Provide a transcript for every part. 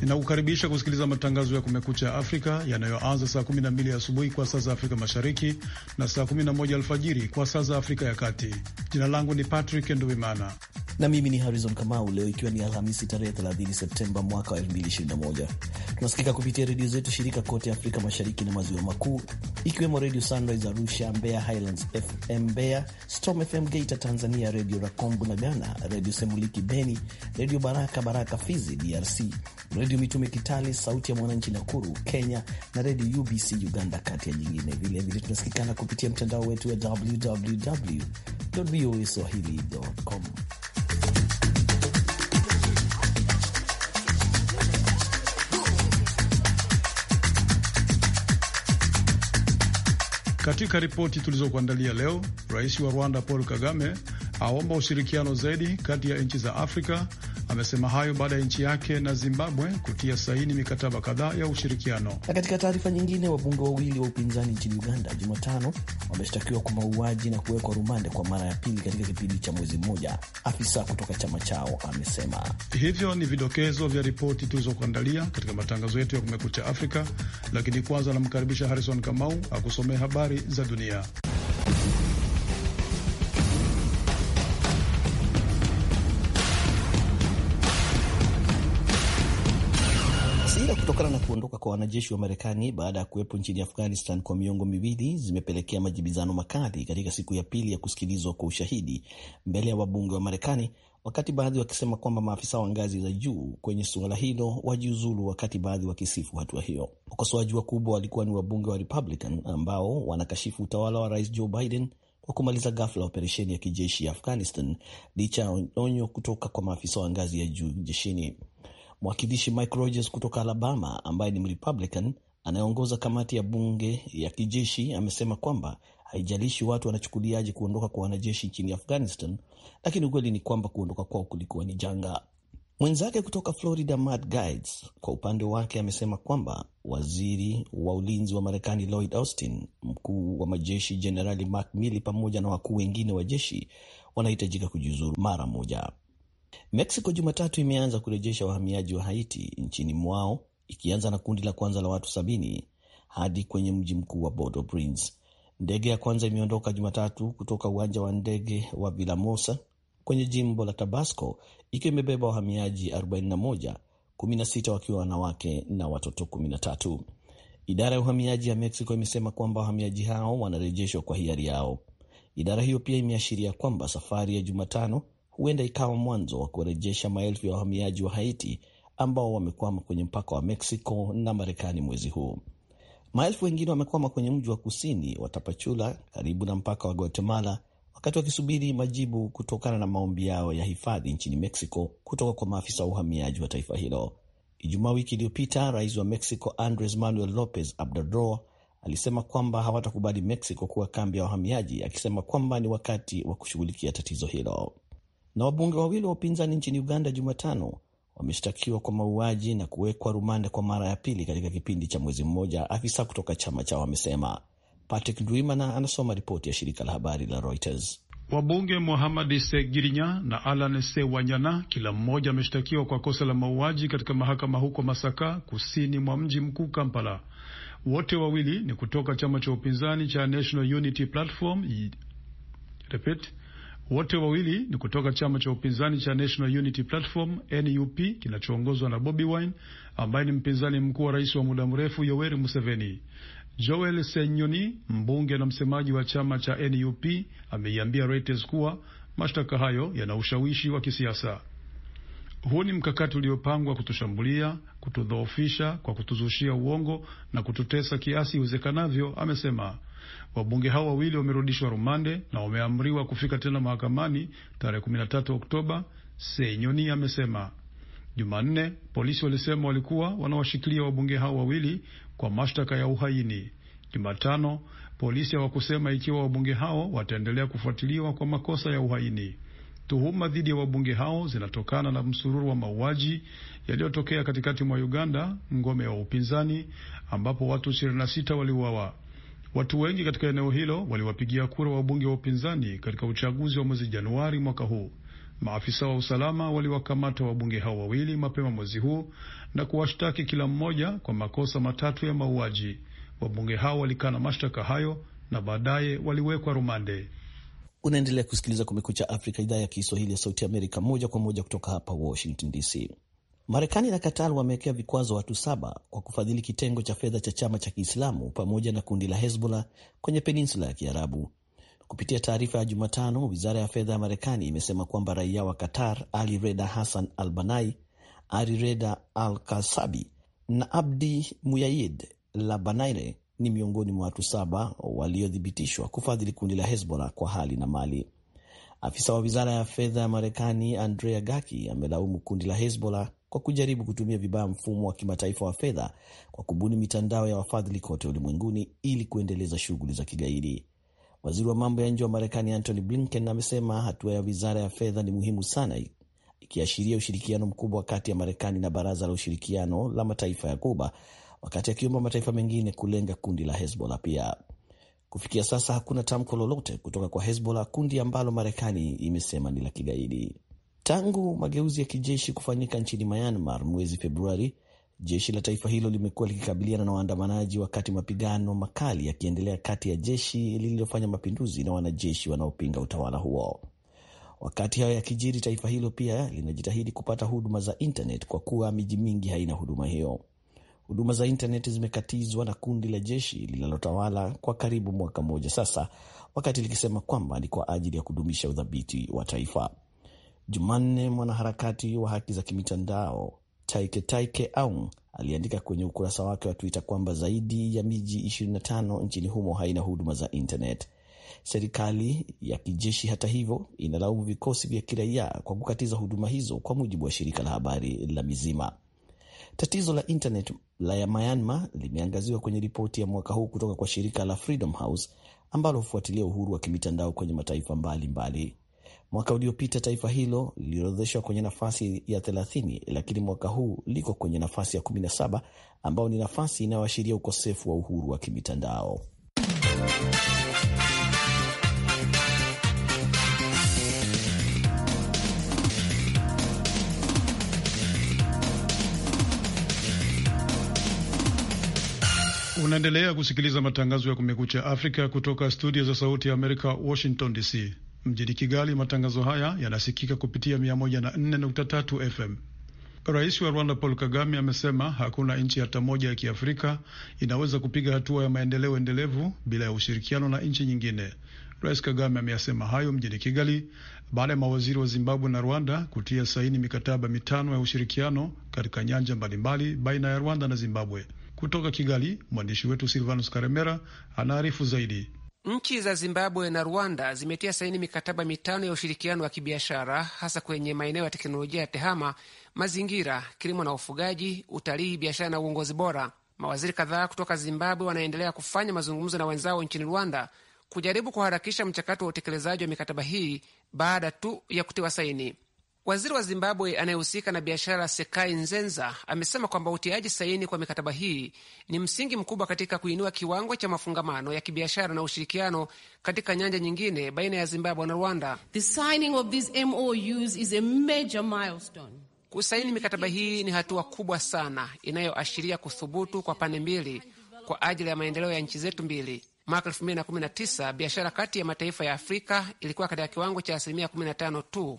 Ninakukaribisha kusikiliza matangazo ya Kumekucha Afrika yanayoanza saa 12 asubuhi kwa saa za Afrika Mashariki na saa 11 alfajiri kwa saa za Afrika ya Kati. Jina langu ni Patrick Nduimana na mimi ni Harrison Kamau. Leo ikiwa ni Alhamisi tarehe 30 Septemba mwaka wa 2021, tunasikika kupitia redio zetu shirika kote Afrika Mashariki na Maziwa Makuu, ikiwemo Redio Sunrise Arusha, Mbeya Highlands FM Mbeya, Storm FM Geita Tanzania, Redio Rakombu na Ghana, Redio Semuliki Beni, Redio Baraka Baraka Fizi DRC, Redio Mitume Kitale, Sauti ya Mwananchi Nakuru Kenya na Redio UBC Uganda, kati ya nyingine. Vilevile tunasikikana kupitia mtandao wetu wa www voa swahili.com. Katika ripoti tulizokuandalia leo, rais wa Rwanda Paul Kagame aomba ushirikiano zaidi kati ya nchi za Afrika Amesema hayo baada ya nchi yake na Zimbabwe kutia saini mikataba kadhaa ya ushirikiano. Na katika taarifa nyingine, wabunge wawili wa upinzani nchini Uganda Jumatano wameshtakiwa kwa mauaji na kuwekwa rumande kwa mara ya pili katika kipindi cha mwezi mmoja, afisa kutoka chama chao amesema. Hivyo ni vidokezo vya ripoti tulizokuandalia katika matangazo yetu ya Kumekucha Afrika, lakini kwanza anamkaribisha Harrison Kamau akusomea habari za dunia. kutokana na kuondoka kwa wanajeshi wa Marekani baada ya kuwepo nchini Afghanistan kwa miongo miwili zimepelekea majibizano makali katika siku ya pili ya kusikilizwa kwa ushahidi mbele ya wabunge wa Marekani, wakati baadhi wakisema kwamba maafisa wa ngazi za juu kwenye suala hilo wajiuzulu, wakati baadhi wakisifu hatua hiyo. Wakosoaji wakubwa walikuwa ni wabunge wa Republican ambao wanakashifu utawala wa Rais Joe Biden kwa kumaliza ghafla operesheni ya kijeshi ya Afghanistan licha ya onyo kutoka kwa maafisa wa ngazi ya juu jeshini. Mwakilishi Mike Rogers kutoka Alabama, ambaye ni Mrepublican anayeongoza kamati ya bunge ya kijeshi, amesema kwamba haijalishi watu wanachukuliaje kuondoka kwa wanajeshi nchini Afghanistan, lakini ukweli ni kwamba kuondoka kwao kulikuwa ni janga. Mwenzake kutoka Florida, Matt Gaetz, kwa upande wake amesema kwamba waziri wa ulinzi wa Marekani Lloyd Austin, mkuu wa majeshi Jenerali Mark Milley pamoja na wakuu wengine wa jeshi wanahitajika kujiuzuru mara moja. Mexico Jumatatu imeanza kurejesha wahamiaji wa Haiti nchini mwao ikianza na kundi la kwanza la watu sabini hadi kwenye mji mkuu wa Bodo au Prince. Ndege ya kwanza imeondoka Jumatatu kutoka uwanja wa ndege wa Vilamosa kwenye jimbo la Tabasco ikiwa imebeba wahamiaji 41, 16 wakiwa wanawake na watoto 13. Idara ya uhamiaji ya Mexico imesema kwamba wahamiaji hao wanarejeshwa kwa hiari yao. Idara hiyo pia imeashiria kwamba safari ya Jumatano huenda ikawa mwanzo wa kurejesha maelfu ya wahamiaji wa Haiti ambao wamekwama kwenye mpaka wa Mexico na Marekani mwezi huu. Maelfu wengine wamekwama kwenye mji wa kusini wa Tapachula karibu na mpaka wa Guatemala wakati wakisubiri majibu kutokana na maombi yao ya hifadhi nchini Mexico kutoka kwa maafisa wa uhamiaji wa taifa hilo. Ijumaa wiki iliyopita, rais wa Mexico Andres Manuel Lopez Obrador alisema kwamba hawatakubali Mexico kuwa kambi ya wahamiaji, akisema kwamba ni wakati wa kushughulikia tatizo hilo na wabunge wawili wa upinzani nchini Uganda Jumatano wameshtakiwa kwa mauaji na kuwekwa rumande kwa mara ya pili katika kipindi cha mwezi mmoja, afisa kutoka chama chao amesema. Patrick Dwimana anasoma ripoti ya shirika la habari la Reuters. Wabunge Mohamadi Segirinya na Alan se wanyana kila mmoja ameshtakiwa kwa kosa la mauaji katika mahakama huko Masaka, kusini mwa mji mkuu Kampala. Wote wawili ni kutoka chama cha upinzani cha National Unity Platform. Repeat. Wote wawili ni kutoka chama cha upinzani cha National Unity Platform NUP kinachoongozwa na Bobby Wine ambaye ni mpinzani mkuu wa rais wa muda mrefu Yoweri Museveni. Joel Senyoni, mbunge na msemaji wa chama cha NUP, ameiambia Reuters kuwa mashtaka hayo yana ushawishi wa kisiasa. Huu ni mkakati uliopangwa kutushambulia, kutudhoofisha, kwa kutuzushia uongo na kututesa kiasi iwezekanavyo, amesema. Wabunge hao wawili wamerudishwa rumande na wameamriwa kufika tena mahakamani tarehe 13 Oktoba, Senyoni amesema. Jumanne polisi walisema walikuwa wanawashikilia wabunge hao wawili kwa mashtaka ya uhaini. Jumatano polisi hawakusema ikiwa wabunge hao wataendelea kufuatiliwa kwa makosa ya uhaini. Tuhuma dhidi ya wabunge hao zinatokana na msururu wa mauaji yaliyotokea katikati mwa Uganda, ngome ya upinzani, ambapo watu 26 waliuawa. Watu wengi katika eneo hilo waliwapigia kura wabunge wa upinzani katika uchaguzi wa mwezi Januari mwaka huu. Maafisa wa usalama waliwakamata wabunge hao wawili mapema mwezi huu na kuwashtaki kila mmoja kwa makosa matatu ya mauaji. Wabunge hao walikana mashtaka hayo na baadaye waliwekwa rumande. Unaendelea kusikiliza Kumekucha Afrika, idhaa ya Kiswahili ya Sauti Amerika, moja kwa moja kutoka hapa Washington DC. Marekani na Qatar wamewekea vikwazo watu saba kwa kufadhili kitengo cha fedha cha chama cha Kiislamu pamoja na kundi la Hezbollah kwenye peninsula ya Kiarabu. Kupitia taarifa ya Jumatano, wizara ya fedha ya Marekani imesema kwamba raia wa Qatar Ali Reda Hassan Al Banai, Ali Reda Al Kasabi na Abdi Muyayid banaire ni miongoni mwa watu saba waliothibitishwa kufadhili kundi la Hezbollah kwa hali na mali. Afisa wa wizara ya fedha ya Marekani Andrea Gaki amelaumu kundi la Hezbollah kwa kujaribu kutumia vibaya mfumo wa kimataifa wa fedha kwa kubuni mitandao ya wafadhili kote ulimwenguni ili kuendeleza shughuli za kigaidi. Waziri wa mambo ya nje wa Marekani Antony Blinken amesema hatua ya wizara ya fedha ni muhimu sana, ikiashiria ushirikiano mkubwa kati ya Marekani na Baraza la Ushirikiano la Mataifa ya Kuba, wakati akiomba mataifa mengine kulenga kundi la Hezbollah pia. Kufikia sasa hakuna tamko lolote kutoka kwa Hezbollah, kundi ambalo Marekani imesema ni la kigaidi. Tangu mageuzi ya kijeshi kufanyika nchini Myanmar mwezi Februari, jeshi la taifa hilo limekuwa likikabiliana na waandamanaji, wakati mapigano makali yakiendelea kati ya jeshi lililofanya mapinduzi na wanajeshi wanaopinga utawala huo. Wakati hayo yakijiri, taifa hilo pia linajitahidi kupata huduma za internet kwa kuwa miji mingi haina huduma hiyo. Huduma za internet zimekatizwa na kundi la jeshi linalotawala kwa karibu mwaka mmoja sasa, wakati likisema kwamba ni kwa ajili ya kudumisha udhabiti wa taifa. Jumanne, mwanaharakati wa haki za kimitandao Taike Taike Aung aliandika kwenye ukurasa wake wa Twitter kwamba zaidi ya miji 25 nchini humo haina huduma za internet. Serikali ya kijeshi hata hivyo, inalaumu vikosi vya kiraia kwa kukatiza huduma hizo, kwa mujibu wa shirika la habari la Mizima. Tatizo la internet la ya Myanmar limeangaziwa kwenye ripoti ya mwaka huu kutoka kwa shirika la Freedom House ambalo hufuatilia uhuru wa kimitandao kwenye mataifa mbalimbali mbali. Mwaka uliopita taifa hilo liliorodheshwa kwenye nafasi ya 30 lakini mwaka huu liko kwenye nafasi ya 17 ambayo ni nafasi inayoashiria ukosefu wa uhuru wa kimitandao. Unaendelea kusikiliza matangazo ya Kumekucha Afrika kutoka studio za Sauti ya Amerika, Washington DC. Mjini Kigali, matangazo haya yanasikika kupitia 104.3 FM. Rais wa Rwanda Paul Kagame amesema hakuna nchi hata moja ya Kiafrika inaweza kupiga hatua ya maendeleo endelevu bila ya ushirikiano na nchi nyingine. Rais Kagame ameyasema hayo mjini Kigali baada ya mawaziri wa Zimbabwe na Rwanda kutia saini mikataba mitano ya ushirikiano katika nyanja mbalimbali baina ya Rwanda na Zimbabwe. Kutoka Kigali, mwandishi wetu Silvanus Karemera anaarifu zaidi. Nchi za Zimbabwe na Rwanda zimetia saini mikataba mitano ya ushirikiano wa kibiashara hasa kwenye maeneo ya teknolojia ya tehama, mazingira, kilimo na ufugaji, utalii, biashara na uongozi bora. Mawaziri kadhaa kutoka Zimbabwe wanaendelea kufanya mazungumzo na wenzao nchini Rwanda kujaribu kuharakisha mchakato wa utekelezaji wa mikataba hii baada tu ya kutiwa saini. Waziri wa Zimbabwe anayehusika na biashara Sekai Nzenza amesema kwamba utiaji saini kwa mikataba hii ni msingi mkubwa katika kuinua kiwango cha mafungamano ya kibiashara na ushirikiano katika nyanja nyingine baina ya Zimbabwe na Rwanda. The signing of these MOUs is a major milestone. Kusaini mikataba hii ni hatua kubwa sana inayoashiria kuthubutu kwa pande mbili kwa ajili ya maendeleo ya nchi zetu mbili. Mwaka 2019 biashara kati ya mataifa ya Afrika ilikuwa katika kiwango cha asilimia 15 tu.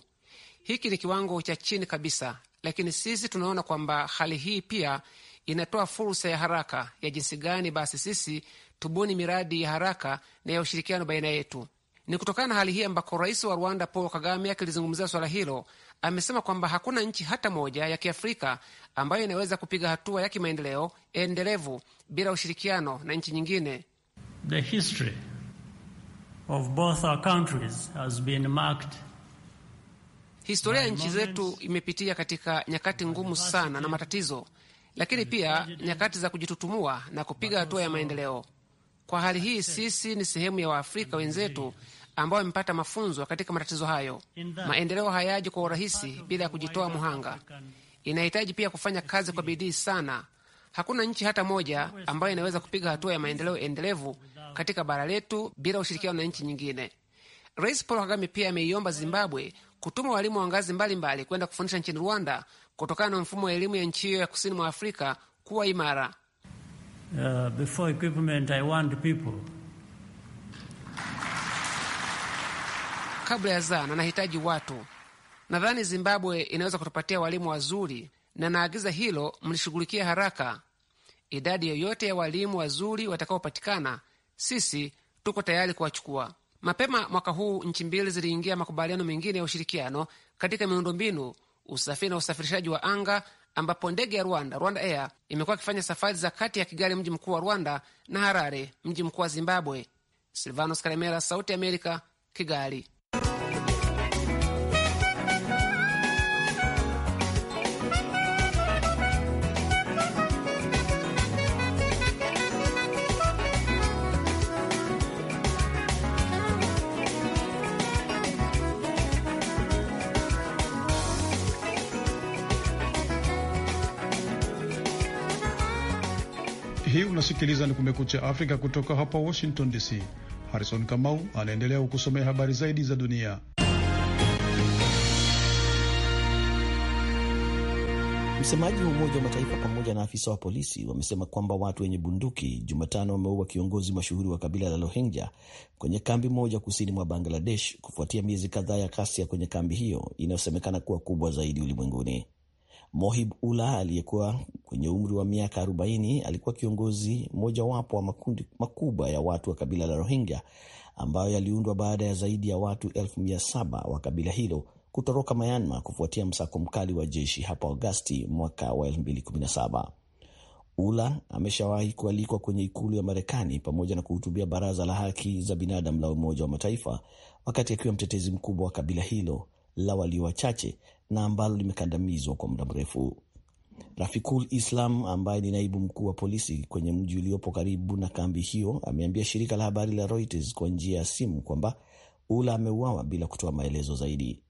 Hiki ni kiwango cha chini kabisa, lakini sisi tunaona kwamba hali hii pia inatoa fursa ya haraka ya jinsi gani basi sisi tubuni miradi ya haraka na ya ushirikiano baina yetu. Ni kutokana na hali hii ambako rais wa Rwanda Paul Kagame akilizungumzia swala hilo amesema kwamba hakuna nchi hata moja ya Kiafrika ambayo inaweza kupiga hatua ya kimaendeleo endelevu bila ushirikiano na nchi nyingine. The history of both our countries has been marked Historia ya nchi zetu imepitia katika nyakati ngumu sana na matatizo, lakini pia nyakati za kujitutumua na kupiga hatua ya maendeleo. Kwa hali hii, sisi ni sehemu ya Waafrika wenzetu ambao wamepata mafunzo katika matatizo hayo. Maendeleo hayaji kwa urahisi bila ya kujitoa muhanga. Inahitaji pia kufanya kazi kwa bidii sana. Hakuna nchi hata moja ambayo inaweza kupiga hatua ya maendeleo endelevu katika bara letu bila ushirikiano na nchi nyingine. Rais Paul Kagame pia ameiomba Zimbabwe kutuma walimu wa ngazi mbalimbali kwenda kufundisha nchini Rwanda kutokana na mfumo wa elimu ya nchi hiyo ya kusini mwa Afrika kuwa imara. Uh, Kabla ya zana nahitaji watu. Nadhani Zimbabwe inaweza kutupatia walimu wazuri, na naagiza hilo mlishughulikia haraka. Idadi yoyote ya walimu wazuri watakaopatikana, sisi tuko tayari kuwachukua. Mapema mwaka huu nchi mbili ziliingia makubaliano mengine ya ushirikiano katika miundombinu, usafiri na usafirishaji wa anga, ambapo ndege ya Rwanda, Rwanda Air, imekuwa ikifanya safari za kati ya Kigali, mji mkuu wa Rwanda, na Harare, mji mkuu wa Zimbabwe. Silvanos Karemera, Sauti ya Amerika, Kigali. Hii unasikiliza ni Kumekucha Afrika kutoka hapa Washington DC. Harrison Kamau anaendelea kukusomea habari zaidi za dunia. Msemaji wa Umoja wa Mataifa pamoja na afisa wa polisi wamesema kwamba watu wenye bunduki Jumatano wameua kiongozi mashuhuri wa kabila la Rohingya kwenye kambi moja kusini mwa Bangladesh kufuatia miezi kadhaa ya ghasia kwenye kambi hiyo inayosemekana kuwa kubwa zaidi ulimwenguni. Mohib Ula aliyekuwa kwenye umri wa miaka 40 alikuwa kiongozi mojawapo wa makundi makubwa ya watu wa kabila la Rohingya ambayo yaliundwa baada ya zaidi ya watu elfu mia saba wa kabila hilo kutoroka Myanmar kufuatia msako mkali wa jeshi hapo Agosti mwaka wa 2017. Ula ameshawahi kualikwa kwenye ikulu ya Marekani pamoja na kuhutubia baraza la haki za binadamu la Umoja wa Mataifa wakati akiwa mtetezi mkubwa wa kabila hilo la walio wachache na ambalo limekandamizwa kwa muda mrefu. Rafikul Islam ambaye ni naibu mkuu wa polisi kwenye mji uliopo karibu na kambi hiyo ameambia shirika la habari la Reuters kwa njia ya simu kwamba Ula ameuawa bila kutoa maelezo zaidi.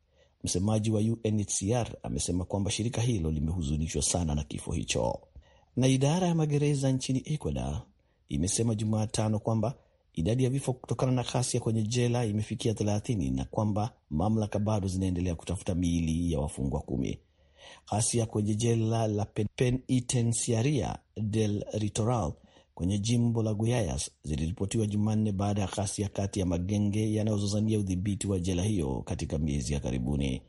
Msemaji wa UNHCR amesema kwamba shirika hilo limehuzunishwa sana na kifo hicho. Na idara ya magereza nchini Ecuador imesema Jumatano kwamba idadi ya vifo kutokana na ghasia kwenye jela imefikia 30 na kwamba mamlaka bado zinaendelea kutafuta miili ya wafungwa kumi. Ghasia kwenye jela la Penitenciaria del Ritoral kwenye jimbo la Guayas ziliripotiwa Jumanne baada ya ghasia kati ya magenge yanayozozania udhibiti wa jela hiyo katika miezi ya karibuni.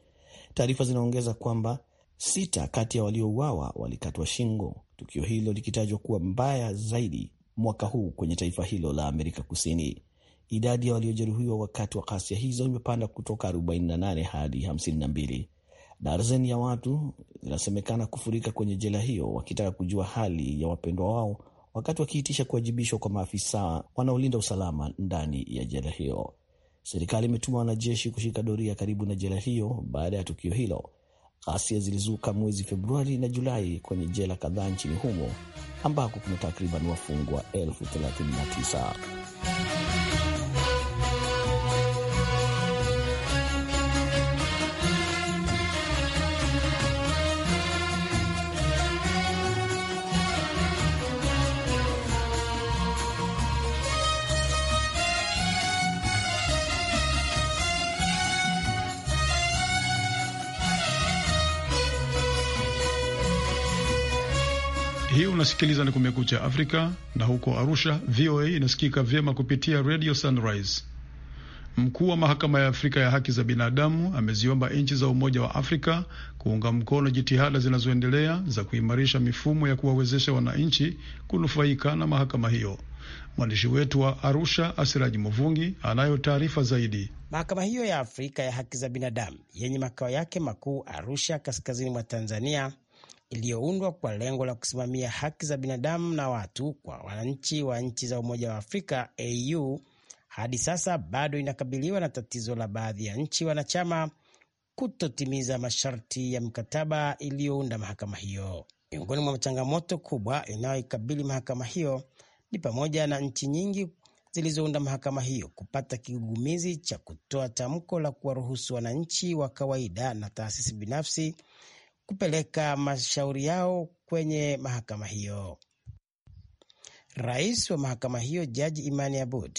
Taarifa zinaongeza kwamba sita kati ya waliouawa walikatwa shingo, tukio hilo likitajwa kuwa mbaya zaidi mwaka huu kwenye taifa hilo la Amerika Kusini. Idadi ya waliojeruhiwa wakati wa ghasia hizo imepanda kutoka 48 hadi 52. Darzeni ya watu zinasemekana kufurika kwenye jela hiyo wakitaka kujua hali ya wapendwa wao, wakati wakiitisha kuwajibishwa kwa maafisa wanaolinda usalama ndani ya jela hiyo. Serikali imetuma wanajeshi kushika doria karibu na jela hiyo baada ya tukio hilo, Ghasia zilizuka mwezi Februari na Julai kwenye jela kadhaa nchini humo ambako kuna takriban wafungwa elfu 39. Hii unasikiliza ni Kumekucha Afrika, na huko Arusha VOA inasikika vyema kupitia Radio Sunrise. Mkuu wa mahakama ya Afrika ya haki za binadamu ameziomba nchi za Umoja wa Afrika kuunga mkono jitihada zinazoendelea za kuimarisha mifumo ya kuwawezesha wananchi kunufaika na mahakama hiyo. Mwandishi wetu wa Arusha, Asiraji Muvungi, anayo taarifa zaidi. Mahakama hiyo ya Afrika ya haki za binadamu yenye makao yake makuu Arusha, kaskazini mwa Tanzania, iliyoundwa kwa lengo la kusimamia haki za binadamu na watu kwa wananchi wa nchi za Umoja wa Afrika AU hadi sasa bado inakabiliwa na tatizo la baadhi ya nchi wanachama kutotimiza masharti ya mkataba iliyounda mahakama hiyo. Miongoni mwa changamoto kubwa inayoikabili mahakama hiyo ni pamoja na nchi nyingi zilizounda mahakama hiyo kupata kigugumizi cha kutoa tamko la kuwaruhusu wananchi wa kawaida na taasisi binafsi kupeleka mashauri yao kwenye mahakama hiyo. Rais wa mahakama hiyo Jaji Imani Abud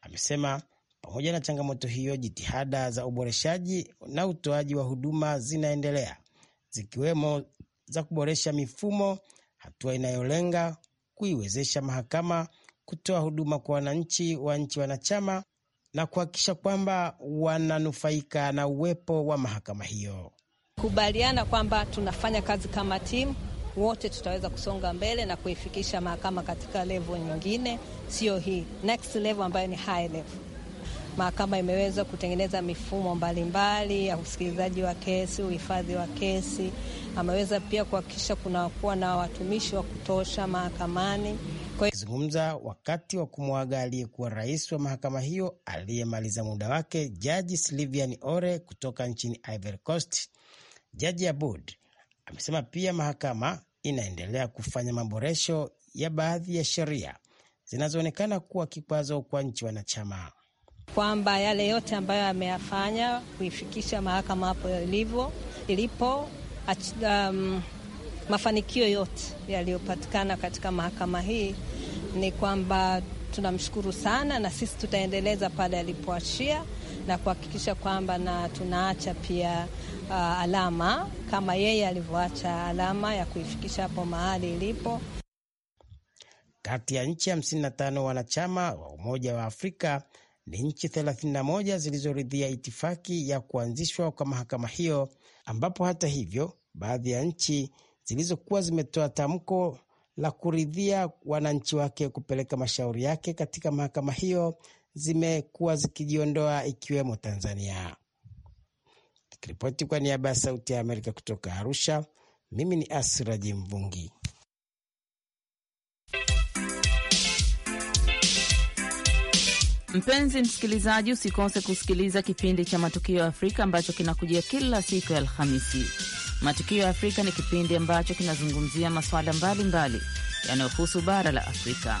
amesema pamoja na changamoto hiyo, jitihada za uboreshaji na utoaji wa huduma zinaendelea, zikiwemo za kuboresha mifumo, hatua inayolenga kuiwezesha mahakama kutoa huduma kwa wananchi wa nchi wanachama na kuhakikisha kwamba wananufaika na uwepo wa mahakama hiyo kubaliana kwamba tunafanya kazi kama timu wote tutaweza kusonga mbele na kuifikisha mahakama katika level nyingine, sio hii next level ambayo ni high level. Mahakama imeweza kutengeneza mifumo mbalimbali ya usikilizaji wa kesi, uhifadhi wa kesi. Ameweza pia kuhakikisha kunakuwa na watumishi wa kutosha mahakamani. Akizungumza wakati wa kumwaga aliyekuwa rais wa mahakama hiyo aliyemaliza muda wake, Jaji slivian Ore kutoka nchini Ivory Coast Jaji abud amesema pia mahakama inaendelea kufanya maboresho ya baadhi ya sheria zinazoonekana kuwa kikwazo kwa nchi wanachama, kwamba yale yote ambayo ameyafanya kuifikisha mahakama hapo ilivyo ilipo, um, mafanikio yote yaliyopatikana katika mahakama hii ni kwamba tunamshukuru sana, na sisi tutaendeleza pale alipoachia na kuhakikisha kwamba na tunaacha pia uh, alama kama yeye alivyoacha alama ya kuifikisha hapo mahali ilipo. Kati ya nchi hamsini na tano wanachama wa Umoja wa Afrika ni nchi 31 zilizoridhia itifaki ya kuanzishwa kwa mahakama hiyo, ambapo hata hivyo baadhi ya nchi zilizokuwa zimetoa tamko la kuridhia wananchi wake kupeleka mashauri yake katika mahakama hiyo zimekuwa zikijiondoa ikiwemo Tanzania. Nikiripoti kwa niaba ya Sauti ya Amerika kutoka Arusha, mimi ni Asiraji Mvungi. Mpenzi msikilizaji, usikose kusikiliza kipindi cha Matukio ya Afrika ambacho kinakujia kila siku ya Alhamisi. Matukio ya Afrika ni kipindi ambacho kinazungumzia masuala mbalimbali yanayohusu bara la Afrika.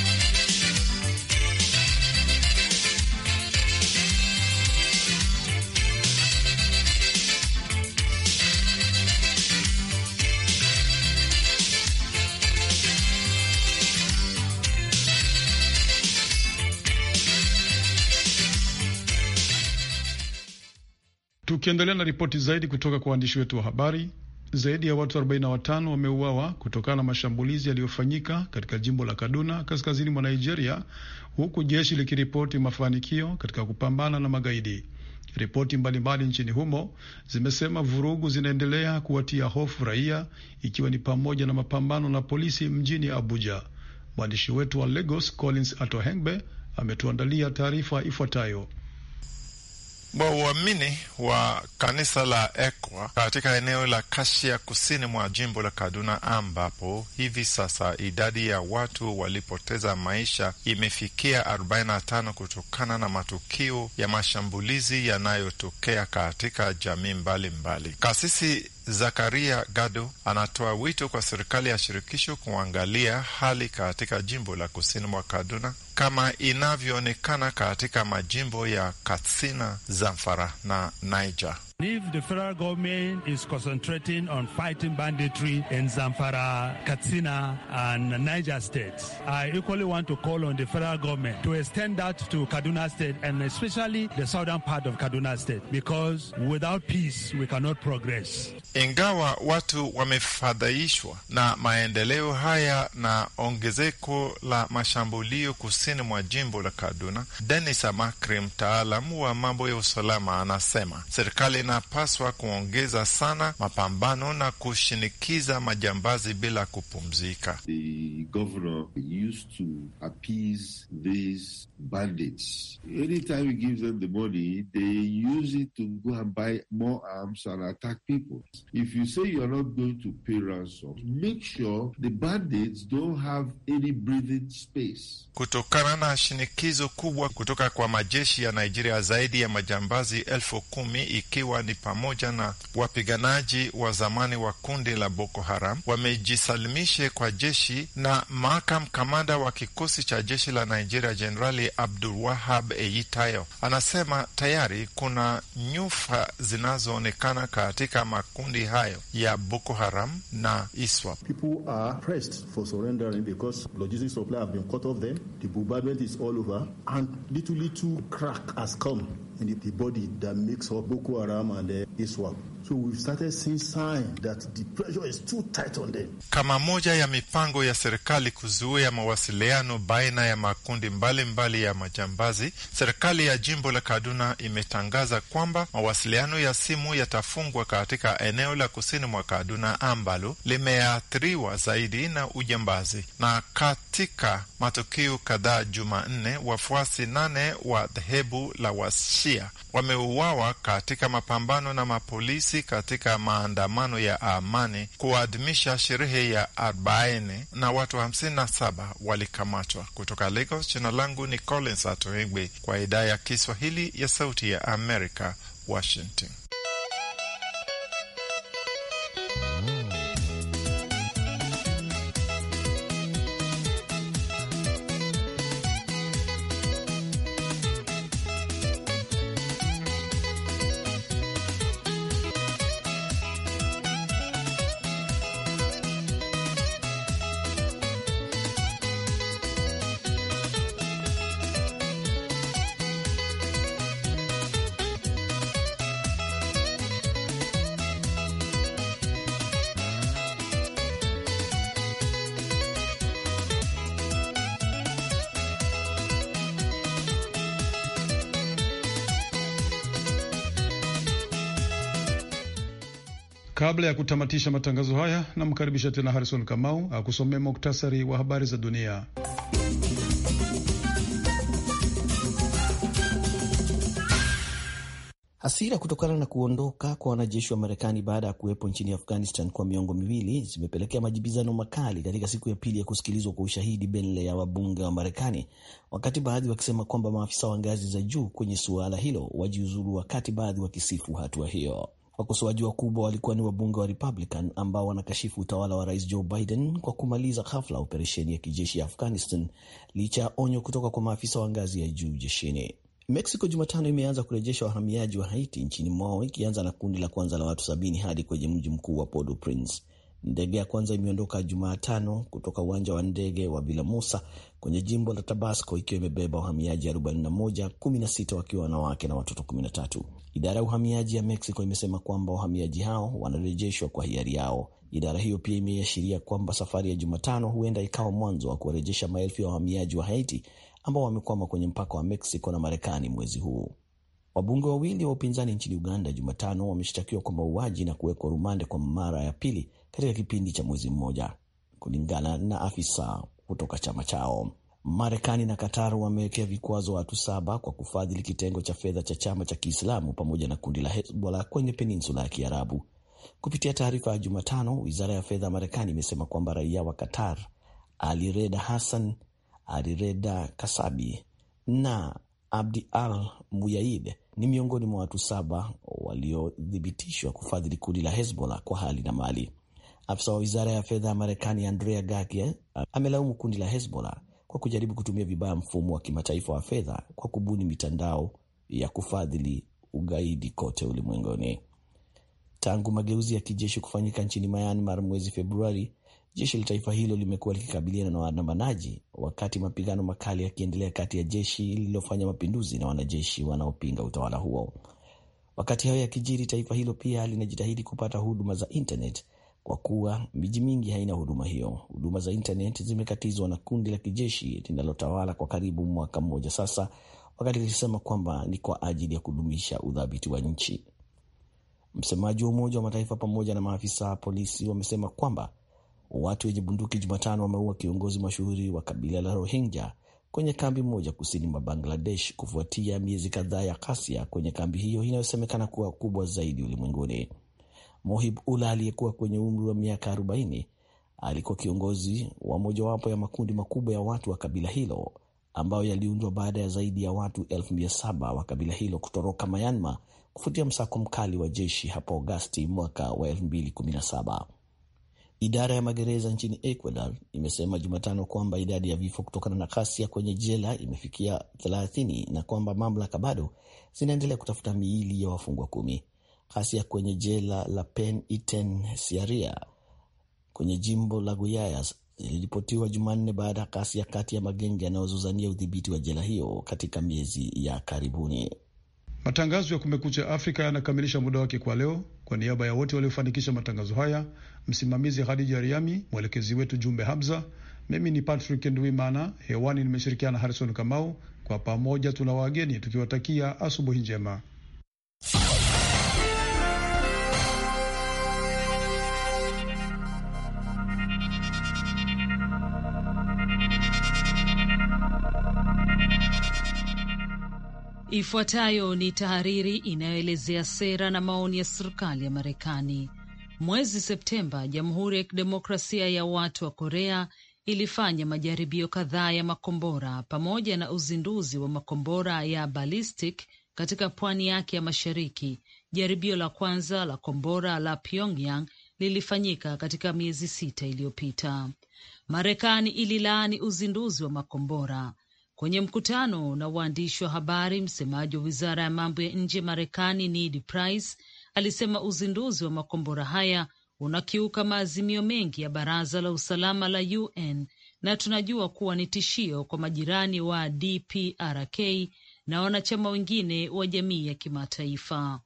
Tukiendelea na ripoti zaidi kutoka kwa waandishi wetu wa habari, zaidi ya watu 45 wameuawa kutokana na mashambulizi yaliyofanyika katika jimbo la Kaduna kaskazini mwa Nigeria, huku jeshi likiripoti mafanikio katika kupambana na magaidi. Ripoti mbalimbali nchini humo zimesema vurugu zinaendelea kuwatia hofu raia, ikiwa ni pamoja na mapambano na polisi mjini Abuja. Mwandishi wetu wa Lagos Collins Atohengbe ametuandalia taarifa ifuatayo uamini wa kanisa la EKWA katika eneo la Kashia kusini mwa jimbo la Kaduna, ambapo hivi sasa idadi ya watu walipoteza maisha imefikia 45 kutokana na matukio ya mashambulizi yanayotokea katika jamii mbalimbali mbali. Kasisi Zakaria Gado anatoa wito kwa serikali ya shirikisho kuangalia hali katika jimbo la kusini mwa Kaduna kama inavyoonekana katika majimbo ya Katsina, Zamfara na Niger. If the federal government is concentrating on fighting banditry in Zamfara, Katsina, and Niger states, I equally want to call on the federal government to extend that to Kaduna state and especially the southern part of Kaduna state because without peace we cannot progress. Ingawa watu wamefadhaishwa na maendeleo haya na ongezeko la mashambulio kusini mwa jimbo la Kaduna, Denis Amakri, mtaalamu wa mambo ya usalama, anasema serikali tunapaswa kuongeza sana mapambano na kushinikiza majambazi bila kupumzika. The governor used to appease these bandits. Anytime them the money, they use it to go and buy more arms and attack people. If you say not going to pay ransom, make sure the bandits don't have any breathing space. Kutokana na shinikizo kubwa kutoka kwa majeshi ya Nigeria, zaidi ya majambazi elfu kumi ikiwa ikiwa ni pamoja na wapiganaji wa zamani wa kundi la Boko Haram wamejisalimishe kwa jeshi, na makamu kamanda wa kikosi cha jeshi la Nigeria Jenerali Abdulwahab Eyitayo anasema tayari kuna nyufa zinazoonekana katika makundi hayo ya Boko Haram na ISWAP. and the body that makes up Boko Haram and uh, ISWAP. Kama moja ya mipango ya serikali kuzuia mawasiliano baina ya makundi mbalimbali mbali ya majambazi, serikali ya jimbo la Kaduna imetangaza kwamba mawasiliano ya simu yatafungwa katika eneo la kusini mwa Kaduna ambalo limeathiriwa zaidi na ujambazi. Na katika matukio kadhaa Jumanne, wafuasi nane wa dhehebu la Washia wameuawa katika mapambano na mapolisi katika maandamano ya amani kuadhimisha sherehe ya 40 na watu 57 walikamatwa. Kutoka Lagos, jina langu ni Collins Atoegwe kwa idhaa ya Kiswahili ya Sauti ya Amerika, Washington. Kabla ya kutamatisha matangazo haya, namkaribisha tena Harrison Kamau akusomea muktasari wa habari za dunia. Hasira kutokana na kuondoka kwa wanajeshi wa Marekani baada ya kuwepo nchini Afghanistan kwa miongo miwili zimepelekea majibizano makali katika siku ya pili ya kusikilizwa kwa ushahidi mbele ya wabunge wa Marekani, wakati baadhi wakisema kwamba maafisa wa ngazi za juu kwenye suala hilo wajiuzuru, wakati baadhi wakisifu hatua wa hiyo. Wakosoaji wakubwa walikuwa ni wabunge wa Republican ambao wanakashifu utawala wa rais Joe Biden kwa kumaliza ghafla operesheni ya kijeshi ya Afghanistan licha ya onyo kutoka kwa maafisa wa ngazi ya juu jeshini. Mexico Jumatano imeanza kurejesha wahamiaji wa Haiti nchini mwao ikianza na kundi la kwanza la watu sabini hadi kwenye mji mkuu wa Port-au-Prince. Ndege ya kwanza imeondoka Jumatano kutoka uwanja wa ndege wa Villahermosa kwenye jimbo la Tabasco ikiwa imebeba wahamiaji 41, 16 wakiwa wanawake na watoto Idara ya uhamiaji ya Mexico imesema kwamba wahamiaji hao wanarejeshwa kwa hiari yao. Idara hiyo pia imeashiria kwamba safari ya Jumatano huenda ikawa mwanzo wa kuwarejesha maelfu ya wahamiaji wa Haiti ambao wamekwama kwenye mpaka wa Mexico na Marekani mwezi huu. Wabunge wawili wa upinzani nchini Uganda Jumatano wameshtakiwa kwa mauaji na kuwekwa rumande kwa mara ya pili katika kipindi cha mwezi mmoja, kulingana na afisa kutoka chama chao. Marekani na Qatar wamewekea vikwazo watu saba kwa kufadhili kitengo cha fedha cha chama cha Kiislamu pamoja na kundi la Hezbollah kwenye peninsula ya Kiarabu. Kupitia taarifa ya Jumatano, wizara ya fedha ya Marekani imesema kwamba raia wa Qatar Alireda Hassan Alireda Kasabi na Abdi Al Muyaid ni miongoni mwa watu saba waliothibitishwa kufadhili kundi la Hezbollah kwa hali na mali. Afisa wa wizara ya fedha ya Marekani Andrea Gagie amelaumu kundi la Hezbollah kwa kujaribu kutumia vibaya mfumo wa kimataifa wa fedha kwa kubuni mitandao ya kufadhili ugaidi kote ulimwenguni. Tangu mageuzi ya kijeshi kufanyika nchini Myanmar mwezi Februari, jeshi la taifa hilo limekuwa likikabiliana na waandamanaji, wakati mapigano makali yakiendelea kati ya jeshi lililofanya mapinduzi na wanajeshi wanaopinga utawala huo. Wakati hayo yakijiri, taifa hilo pia linajitahidi kupata huduma za internet kwa kuwa miji mingi haina huduma hiyo. Huduma za intaneti zimekatizwa na kundi la kijeshi linalotawala kwa karibu mwaka mmoja sasa, wakati likisema kwamba ni kwa ajili ya kudumisha udhabiti wa nchi. Msemaji wa Umoja wa Mataifa pamoja na maafisa polisi wamesema kwamba watu wenye bunduki Jumatano wameua kiongozi mashuhuri wa kabila la Rohingya kwenye kambi moja kusini mwa Bangladesh kufuatia miezi kadhaa ya ghasia kwenye kambi hiyo inayosemekana kuwa kubwa zaidi ulimwenguni. Mohib Ula aliyekuwa kwenye umri wa miaka 40 alikuwa kiongozi wa mojawapo ya makundi makubwa ya watu wa kabila hilo ambayo yaliundwa baada ya zaidi ya watu 7 wa kabila hilo kutoroka Myanmar kufuatia msako mkali wa jeshi hapo Agosti mwaka wa 2017. Idara ya magereza nchini Ecuador imesema Jumatano kwamba idadi ya vifo kutokana na ghasia kwenye jela imefikia 30 na kwamba mamlaka bado zinaendelea kutafuta miili ya wafungwa kumi ghasia kwenye jela la Pen Iten Siaria kwenye jimbo la Guayas liliripotiwa Jumanne baada ya ghasia kati ya magenge yanayozozania udhibiti wa jela hiyo katika miezi ya karibuni. Matangazo ya Kumekucha Afrika yanakamilisha muda wake kwa leo. Kwa niaba ya wote waliofanikisha matangazo haya, msimamizi Hadija Riami, mwelekezi wetu Jumbe Hamza, mimi ni Patrick Ndwimana hewani nimeshirikiana Harrison Kamau, kwa pamoja tuna wageni tukiwatakia asubuhi njema. Ifuatayo ni tahariri inayoelezea sera na maoni ya serikali ya Marekani. Mwezi Septemba, Jamhuri ya Kidemokrasia ya Watu wa Korea ilifanya majaribio kadhaa ya makombora pamoja na uzinduzi wa makombora ya balistic katika pwani yake ya mashariki. Jaribio la kwanza la kombora la Pyongyang lilifanyika katika miezi sita iliyopita. Marekani ililaani uzinduzi wa makombora Kwenye mkutano na waandishi wa habari, msemaji wa wizara ya mambo ya nje ya Marekani Ned Price alisema uzinduzi wa makombora haya unakiuka maazimio mengi ya Baraza la Usalama la UN na tunajua kuwa ni tishio kwa majirani wa DPRK na wanachama wengine wa jamii ya kimataifa.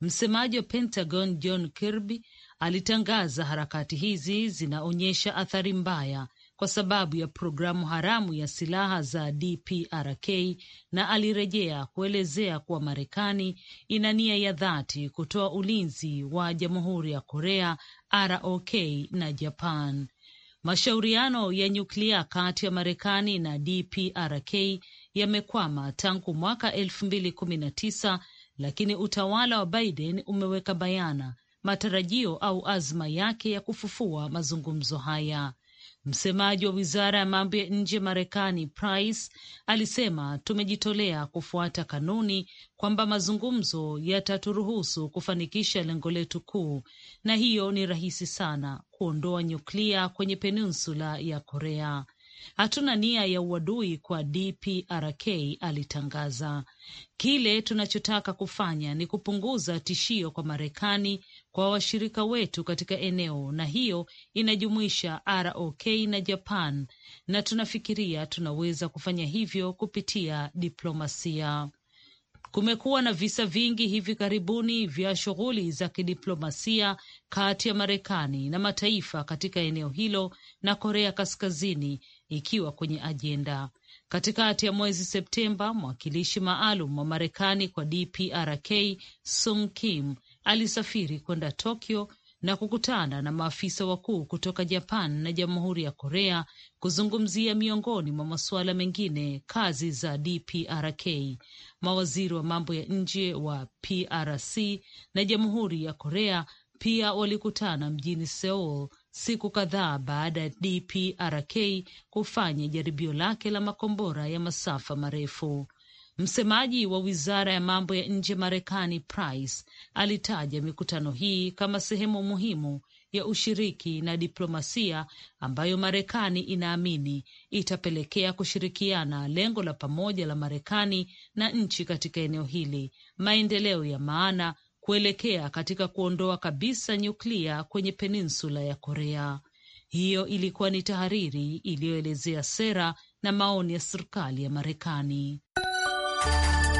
Msemaji wa Pentagon John Kirby alitangaza harakati hizi zinaonyesha athari mbaya kwa sababu ya programu haramu ya silaha za DPRK na alirejea kuelezea kuwa Marekani ina nia ya dhati kutoa ulinzi wa Jamhuri ya Korea ROK na Japan. Mashauriano ya nyuklia kati ya Marekani na DPRK yamekwama tangu mwaka elfu mbili kumi na tisa lakini utawala wa Biden umeweka bayana matarajio au azma yake ya kufufua mazungumzo haya. Msemaji wa wizara ya mambo ya nje Marekani, Price alisema, tumejitolea kufuata kanuni kwamba mazungumzo yataturuhusu kufanikisha lengo letu kuu, na hiyo ni rahisi sana, kuondoa nyuklia kwenye peninsula ya Korea. Hatuna nia ya uadui kwa DPRK, alitangaza. Kile tunachotaka kufanya ni kupunguza tishio kwa Marekani, kwa washirika wetu katika eneo, na hiyo inajumuisha ROK na Japan, na tunafikiria tunaweza kufanya hivyo kupitia diplomasia. Kumekuwa na visa vingi hivi karibuni vya shughuli za kidiplomasia kati ya Marekani na mataifa katika eneo hilo na Korea Kaskazini ikiwa kwenye ajenda. Katikati ya mwezi Septemba, mwakilishi maalum wa Marekani kwa DPRK Sung Kim alisafiri kwenda Tokyo na kukutana na maafisa wakuu kutoka Japan na Jamhuri ya Korea kuzungumzia miongoni mwa masuala mengine kazi za DPRK. Mawaziri wa mambo ya nje wa PRC na Jamhuri ya Korea pia walikutana mjini Seoul siku kadhaa baada ya DPRK kufanya jaribio lake la makombora ya masafa marefu. Msemaji wa wizara ya mambo ya nje Marekani, Price alitaja mikutano hii kama sehemu muhimu ya ushiriki na diplomasia ambayo Marekani inaamini itapelekea kushirikiana lengo la pamoja la Marekani na nchi katika eneo hili, maendeleo ya maana kuelekea katika kuondoa kabisa nyuklia kwenye peninsula ya Korea. Hiyo ilikuwa ni tahariri iliyoelezea sera na maoni ya serikali ya Marekani. Música